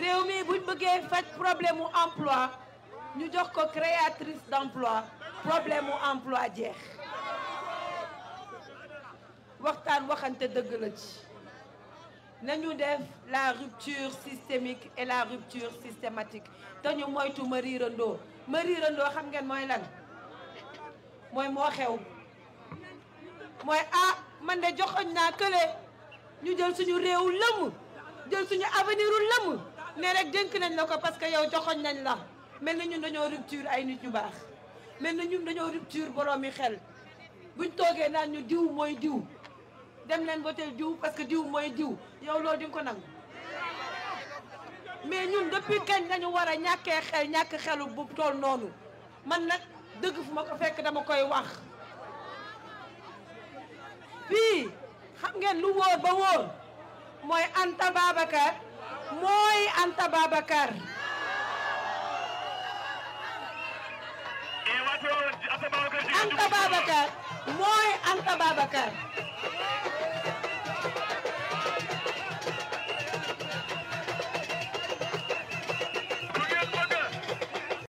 réew mi buñ bëggee faj problème mu emploi ñu jox ko créatrice d'emploi problème mu emploi jeex waxtaan waxante dëgg la ci nañu def la rupture systémique et la rupture systématique te ñu moytu ma riirandoo ma riirandoo xam ngeen mooy lan mooy moo xew mooy ah man de joxoñ naa kële ñu jël suñu réewu lëmm jël suñu avenir u mais rek dénk nañ la ko parce que yow joxoñ nañ la mel na ñun dañoo rupture ay nit ñu baax mel na ñun dañoo rupture borom mi xel buñ toogee naan ñu diw mooy diw dem leen voter diw parce que diw mooy diw yow loolu di ko nangu mais ñun depuis kañ lañu war a ñàkkee xel ñàkk xelu bu tool noonu man nag dëgg fu ma ko fekk dama koy wax fii xam ngeen lu wóor ba wóor mooy Anta Babacar mooy Anta eh, Babacar mooy Anta Babacar